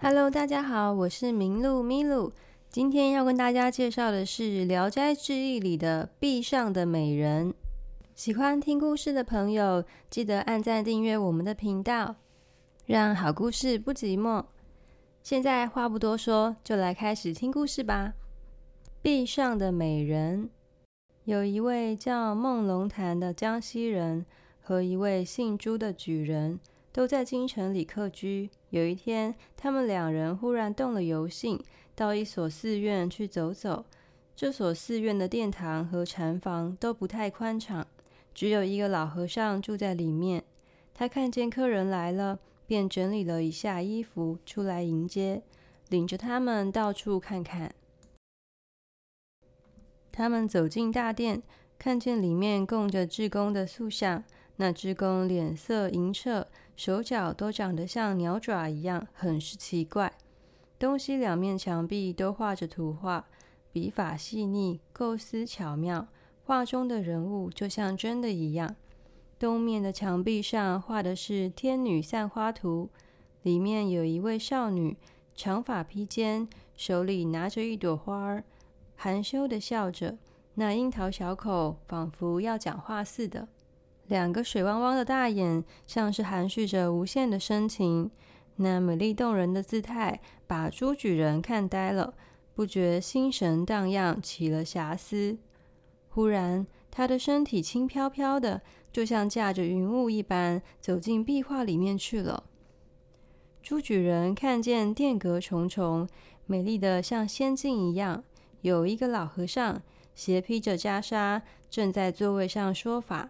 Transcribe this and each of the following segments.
哈嘍，大家好，我是鳴鹿米露。今天要跟大家介紹的是《聊齋志異》裡的《壁上的美人》。喜歡聽故事的朋友，記得按贊訂閱我們的頻道，讓好故事不寂寞。現在話不多說，就來開始聽故事吧。《壁上的美人》有一位叫孟龍潭的江西人，和一位姓朱的舉人，都在京城裡客居。有一天，他們兩人忽然動了遊興，到一所寺院去走走。這所寺院的殿堂和禪房都不太寬敞，只有一個老和尚住在裡面。他看見客人來了，便整理了一下衣服出來迎接，領着他們到處看看。他們走進大殿，看見裡面供着志公的塑像，那志公臉色瑩澈。手腳都長得像鳥爪一樣，很是奇怪。東西兩面牆壁都畫着圖畫，筆法細膩，構思巧妙。畫中的人物就像真的一樣。東面的牆壁上畫的是《天女散花圖》，裡面有一位少女，長髮披肩，手裡拿着一朵花，含羞的笑着，那櫻桃小口仿佛要講話似的。兩個水汪汪的大眼，像是含蓄着無限的深情。那美麗動人的姿態，把朱舉人看呆了，不覺心神蕩漾，起了遐思。忽然，他的身體輕飄飄的，就像駕着雲霧一般，走進壁畫裡面去了。朱舉人看見殿閣重重，美麗的像仙境一樣。有一個老和尚，斜披着袈裟，正在座位上說法。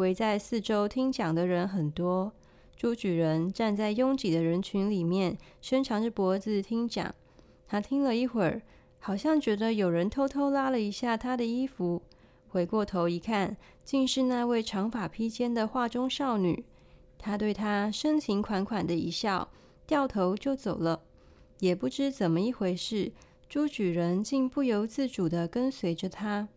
圍在四周聽講的人很多，朱舉人站在擁擠的人群裡面，伸長着脖子聽講。他聽了一會兒，好像覺得有人偷偷拉了一下他的衣服，回過頭一看，竟是那位長髮披肩的畫中少女。她對他深情款款的一笑，掉頭就走了。也不知怎麼一回事，朱舉人竟不由自主地跟隨着她。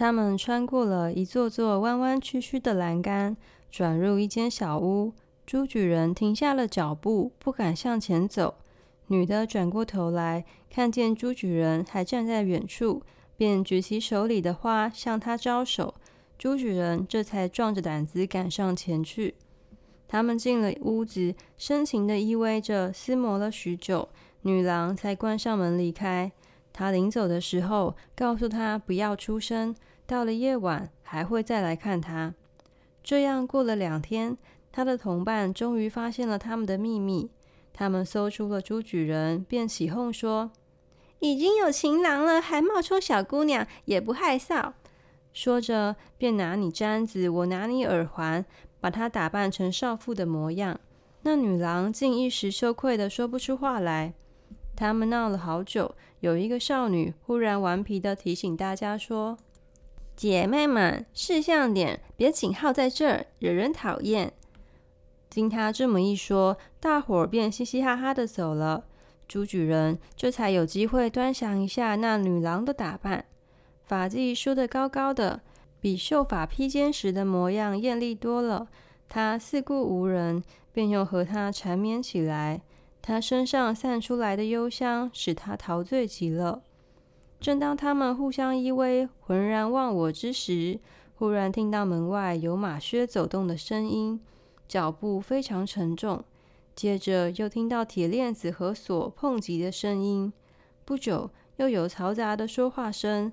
他們穿過了一座座彎彎曲曲的欄杆，轉入一間小屋。朱舉人停下了腳步，不敢向前走。女的轉過頭來，看見朱舉人還站在遠處，便舉起手裡的花向他招手。朱舉人這才壯着膽子趕上前去。他們進了屋子，深情地依偎着，廝磨了許久，女郎才關上門離開。他臨走的時候，告訴他不要出聲。到了夜晚，還會再來看他。這樣過了兩天，他的同伴終於發現了他們的秘密。他們搜出了朱舉人，便起鬨說：“已經有情郎了，還冒充小姑娘，也不害臊。”說着，便拿你簪子，我拿你耳環，把她打扮成少婦的模樣。那女郎竟一時羞愧得說不出話來。他們鬧了好久。有一個少女忽然頑皮的提醒大家說：“姐妹們，識相點，別緊靠在這兒，惹人討厭。”經她這麼一說，大夥兒便嘻嘻哈哈的走了。朱舉人這才有機會端詳一下那女郎的打扮，髮髻梳得高高的，比秀髮披肩時的模樣艷麗多了。他四顧無人，便又和她纏綿起來。他身上散出來的幽香使他陶醉極了。正當他們互相依偎、渾然忘我之時，忽然聽到門外有馬靴走動的聲音，腳步非常沉重。接着又聽到鐵鏈子和鎖碰擊的聲音。不久，又有嘈雜的說話聲，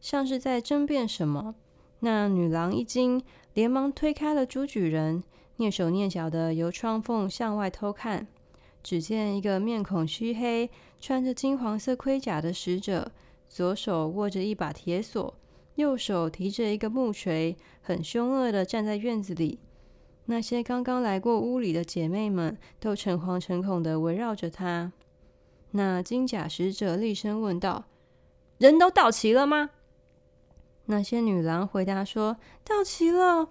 像是在爭辯什麼。那女郎一驚，連忙推開了朱舉人，躡手躡腳地由窗縫向外偷看。只見一個面孔黢黑、穿着金黃色盔甲的使者，左手握着一把鐵鎖，右手提着一個木錘，很兇惡的站在院子裡。那些剛剛來過屋裡的姐妹們都誠惶誠恐的圍繞着他。那金甲使者厲聲問道：“人都到齊了嗎？”那些女郎回答說：“到齊了。”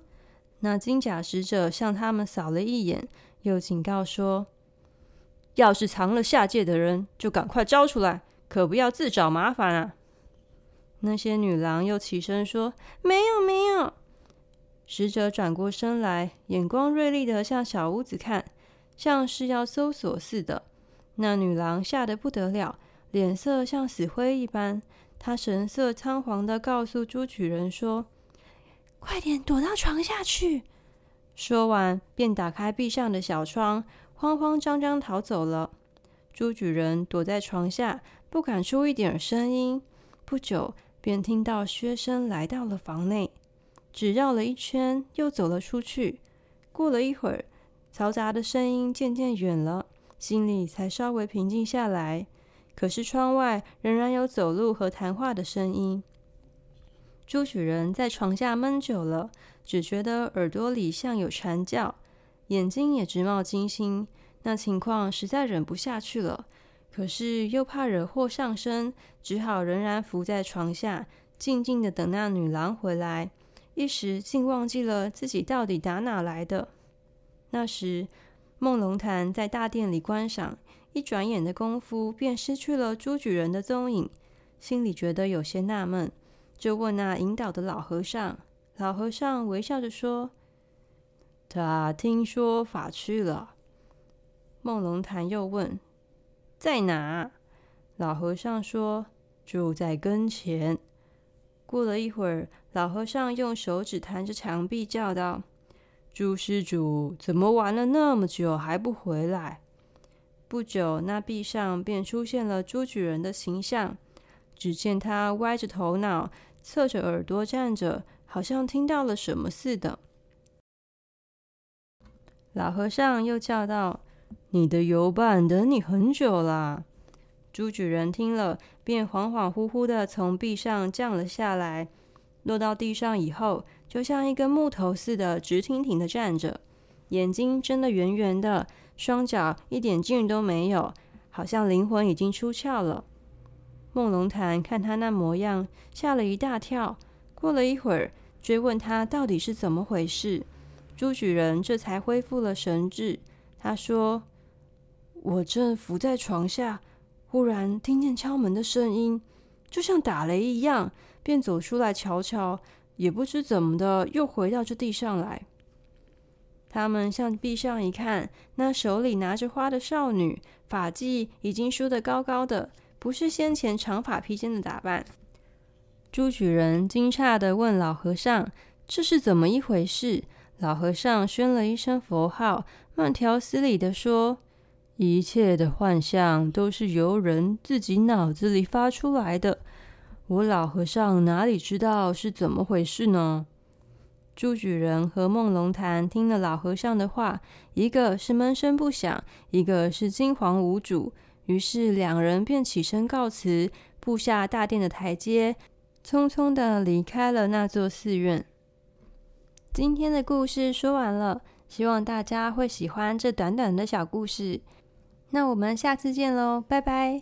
那金甲使者向他們掃了一眼，又警告說。要是藏了下界的人，就趕快招出來，可不要自找麻煩啊！那些女郎又起身說：“沒有，沒有。”使者轉過身來，眼光銳利地向小屋子看，像是要搜索似的。那女郎嚇得不得了，臉色像死灰一般。她神色倉皇地告訴朱舉人說：“快點躲到床下去！”說完，便打開壁上的小窗。慌慌張張逃走了，朱舉人躲在床下，不敢出一點聲音。不久，便聽到靴聲來到了房內，只繞了一圈，又走了出去。過了一會兒，嘈雜的聲音漸漸遠了，心裡才稍微平靜下來。可是窗外仍然有走路和談話的聲音。朱舉人在床下悶久了，只覺得耳朵裡像有蟬叫。眼睛也直冒金星，那情況實在忍不下去了，可是又怕惹禍上身，只好仍然伏在床下，靜靜的等那女郎回來。一時竟忘記了自己到底打哪來的。那時，孟龍潭在大殿裡觀賞，一轉眼的功夫便失去了朱舉人的蹤影，心裡覺得有些納悶，就問那引導的老和尚。老和尚微笑着說。他聽說法去了，孟龍潭又問：“在哪？”老和尚說：“就在跟前。”過了一會兒，老和尚用手指彈着牆壁，叫道：“朱施主，怎麼玩了那麼久還不回來？”不久，那壁上便出現了朱舉人的形象。只見他歪着頭腦，側着耳朵站着，好像聽到了什麼似的。老和尚又叫道：“你的遊伴等你很久啦！”朱舉人聽了，便恍恍惚惚的從壁上降了下來，落到地上以後，就像一根木頭似的直挺挺的站着，眼睛睜得圓圓的，雙腳一點勁都沒有，好像靈魂已經出竅了。孟龍潭看他那模樣，嚇了一大跳。過了一會兒，追問他到底是怎麼回事。朱舉人這才恢復了神智。他說：“我正伏在床下，忽然聽見敲門的聲音，就像打雷一樣，便走出來瞧瞧，也不知怎麼的，又回到這地上來。他們向壁上一看，那手裡拿着花的少女，髮髻已經梳得高高的，不是先前長髮披肩的打扮。”朱舉人驚詫地問老和尚：“這是怎麼一回事？”老和尚宣了一聲佛號，慢條斯理的說：“一切的幻象都是由人自己腦子裡發出來的。我老和尚哪裡知道是怎麼回事呢？”朱舉人和孟龍潭聽了老和尚的話，一個是悶聲不響，一個是驚惶無主，於是兩人便起身告辭，步下大殿的台階，匆匆的離開了那座寺院。今天的故事說完了，希望大家會喜歡這短短的小故事。那我們下次見嘍，拜拜。